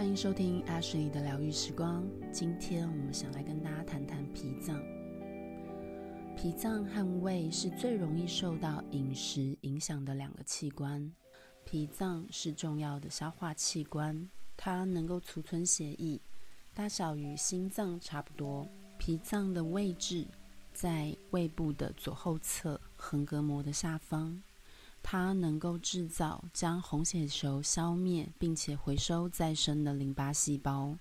歡迎收聽 Ashley 的療癒時光。今天我們想來跟大家談談脾臟。脾臟和胃是最容易受到飲食影響的兩個器官。脾臟是重要的消化器官，它能夠儲存血液，大小與心臟差不多。脾臟的位置在胃部的左後側，橫膈膜的下方。它能夠製造將紅血球消滅，並且回收再生的淋巴細胞。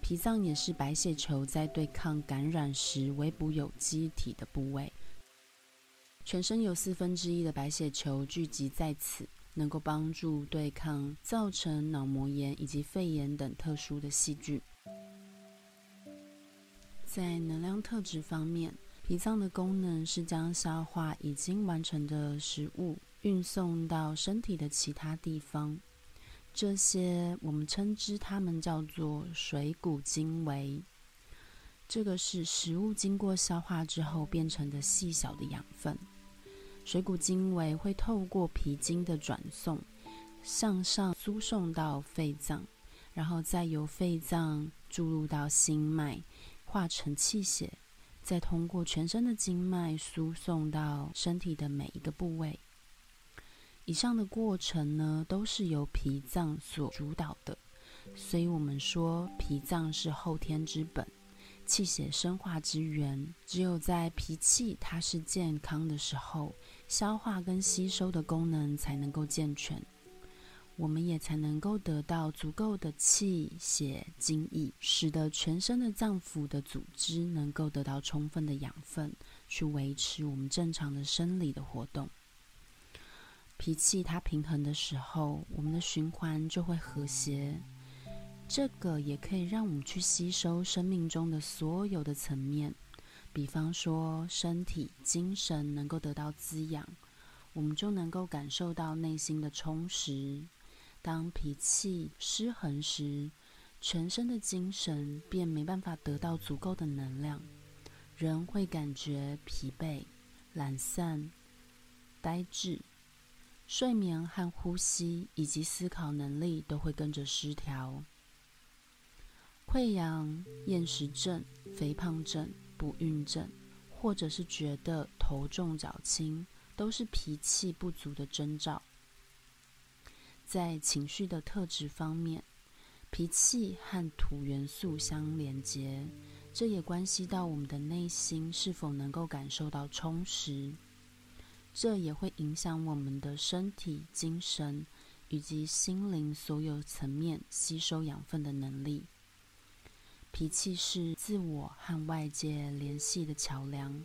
脾臟也是白血球在對抗感染時圍捕有機體的部位。全身有四分之一的白血球聚集在此，能夠幫助對抗造成腦膜炎以及肺炎等特殊的細菌。在能量特質方面，脾臟的功能是將消化已經完成的食物運送到身體的其他地方，這些我們稱之，它們叫做水谷精微。這個是食物經過消化之後變成的細小的養分。水谷精微會透過脾經的轉送，向上輸送到肺臟，然後再由肺臟注入到心脈，化成氣血。再通過全身的經脈輸送到身體的每一個部位。以上的過程呢，都是由脾臟所主導的，所以我們說脾臟是後天之本，氣血生化之源。只有在脾氣它是健康的時候，消化跟吸收的功能才能夠健全。我們也才能夠得到足夠的氣血津液，使得全身的臟腑的組織能夠得到充分的養分，去維持我們正常的生理的活動。脾氣它平衡的時候，我們的循環就會和諧。這個也可以讓我們去吸收生命中的所有的層面，比方說身體、精神能夠得到滋養，我們就能夠感受到內心的充實。當脾氣失衡時，全身的精神便沒辦法得到足夠的能量，人會感覺疲憊、懶散、呆滯，睡眠和呼吸以及思考能力都會跟着失調。潰瘍、厭食症、肥胖症、不孕症，或者是覺得頭重腳輕，都是脾氣不足的徵兆。在情緒的特質方面，脾氣和土元素相連接，這也關係到我們的內心是否能夠感受到充實。這也會影響我們的身體、精神以及心靈所有層面吸收養分的能力。脾氣是自我和外界聯繫的橋梁，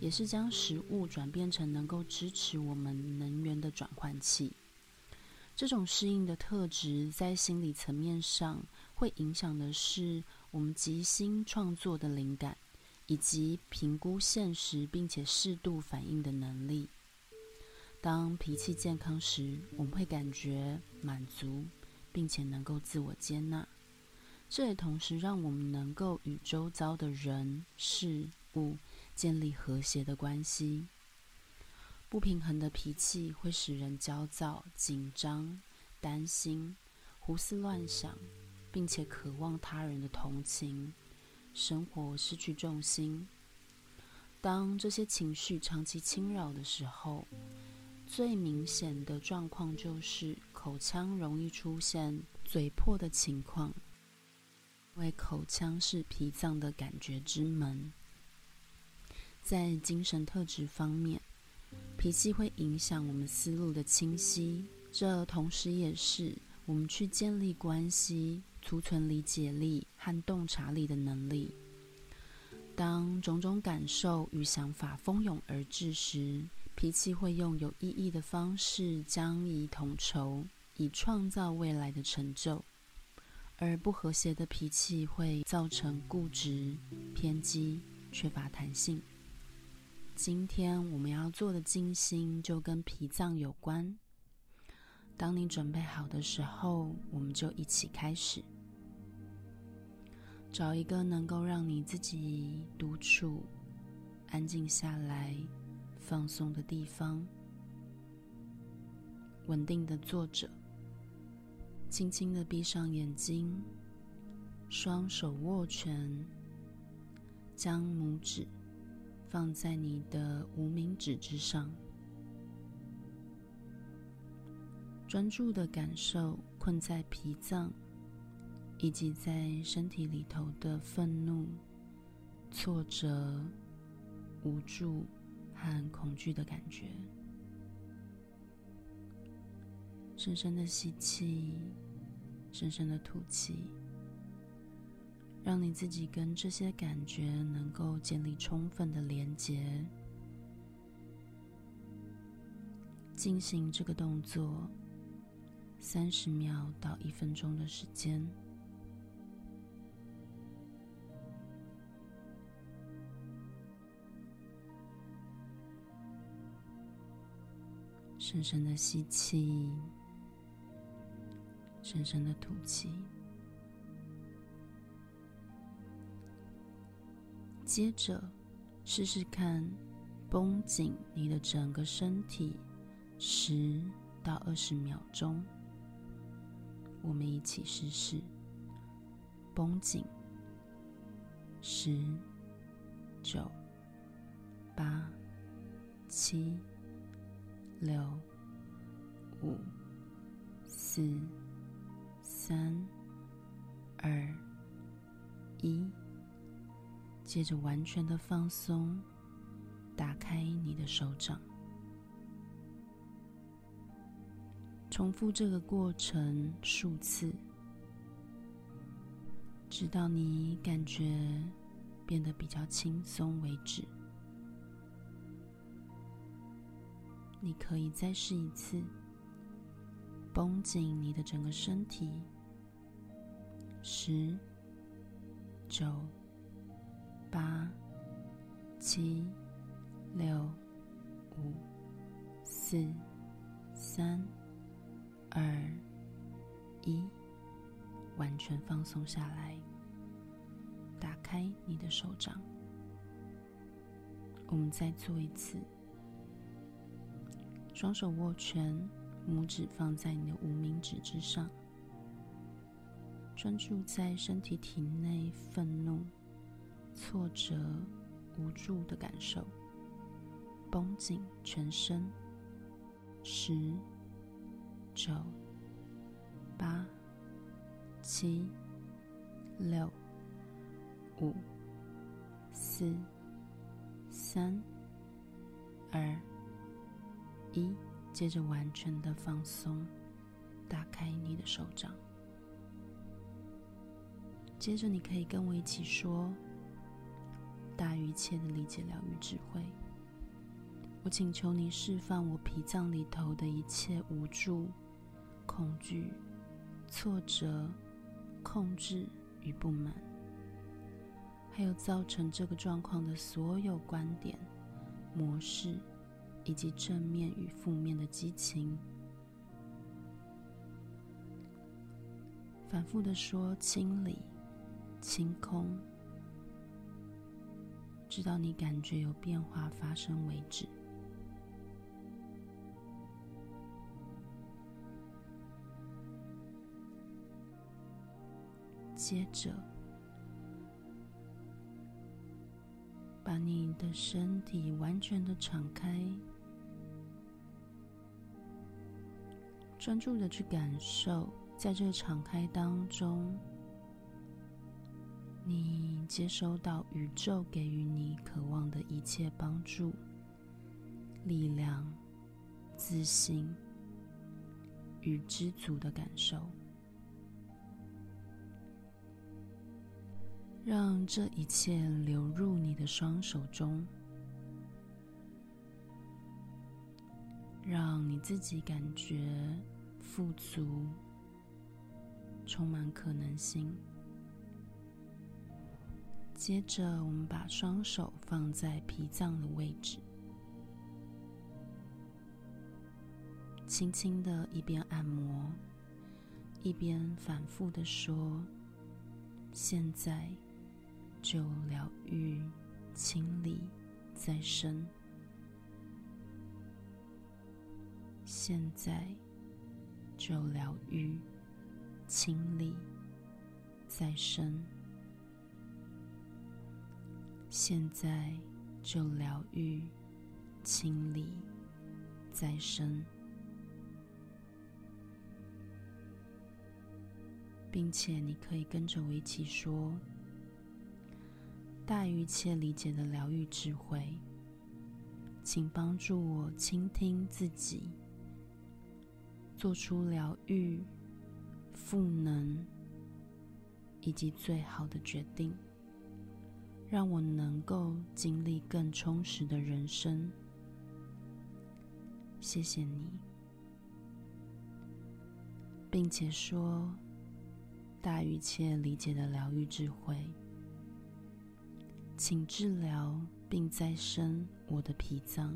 也是將食物轉變成能夠支持我們能源的轉換器。這種適應的特質，在心理層面上，會影響的是我們即興創作的靈感，以及評估現實並且適度反應的能力。當脾氣健康時，我們會感覺滿足，並且能夠自我接納。這也同時讓我們能夠與周遭的人事物建立和諧的關係。不平衡的脾氣會使人焦躁、緊張、擔心、胡思亂想，並且渴望他人的同情，生活失去重心。當這些情緒長期侵擾的時候，最明顯的狀況就是口腔容易出現嘴破的情況，因為口腔是脾臟的感覺之門。在精神特質方面，脾氣會影響我們思路的清晰，這同時也是我們去建立關係、儲存理解力和洞察力的能力。當種種感受與想法蜂擁而至時，脾氣會用有意義的方式將以統籌，以創造未來的成就；而不和諧的脾氣會造成固執、偏激、缺乏彈性。今天我們要做的靜心就跟脾臟有關。當你準備好的時候，我們就一起開始。找一個能夠讓你自己獨處、安靜下來、放鬆的地方，穩定的坐着，輕輕的閉上眼睛，雙手握拳，將拇指，放在你的無名指之上，專注的感受困在脾臟以及在身體裡頭的憤怒、挫折、無助和恐懼的感覺。深深的吸氣，深深的吐氣。讓你自己跟這些感覺能夠建立充分的連接，進行這個動作，三十秒到一分鐘的時間，深深的吸氣，深深的吐氣。接着試試看，繃緊你的整個身體，十到二十秒鐘。我們一起試試，繃緊，十、九、八、七、六、五、四、三、二、一。接着完全的放鬆，打開你的手掌。重複這個過程數次，直到你感覺變得比較輕鬆為止。你可以再試一次，繃緊你的整個身體。十，九。八、七、六、五、四、三、二、一，完全放鬆下來，打開你的手掌。我們再做一次，雙手握拳，拇指放在你的無名指之上，專注在身體體內憤怒、挫折、無助的感受，繃緊全身，十、九、八、七、六、五、四、三、二、一，接着完全的放鬆，打開你的手掌。接着，你可以跟我一起說。大於一切的理解、療癒智慧。我請求你釋放我脾臟裡頭的一切無助、恐懼、挫折、控制與不滿，還有造成這個狀況的所有觀點、模式，以及正面與負面的激情。反覆的說，清理、清空。直到你感覺有變化發生為止。接着，把你的身體完全的敞開，專注的去感受，在這敞開當中。你接收到宇宙給予你渴望的一切幫助、力量、自信與知足的感受，讓這一切流入你的雙手中，讓你自己感覺富足、充滿可能性。接着，我們把雙手放在脾臟的位置，輕輕的一邊按摩，一邊反覆的說：“現在就療癒、清理、再生。現在就療癒、清理、再生。”現在就療癒、清理、再生，並且你可以跟着我一起說：“大於一切理解的療癒智慧，請幫助我傾聽自己，做出療癒、賦能以及最好的決定。”讓我能夠經歷更充實的人生，謝謝你，並且說，大於一切理解的療癒智慧，請治療並再生我的脾臟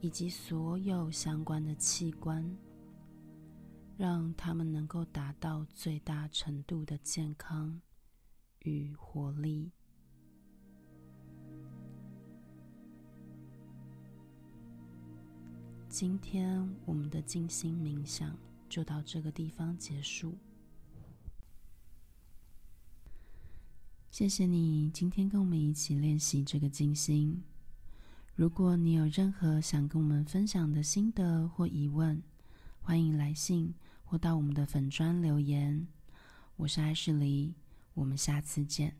以及所有相關的器官，讓它們能夠達到最大程度的健康與活力。今天我們的靜心冥想就到這個地方結束。謝謝你今天跟我們一起練習這個靜心。如果你有任何想跟我們分享的心得或疑問，歡迎來信或到我們的粉專留言。我是愛旭黎，我們下次見。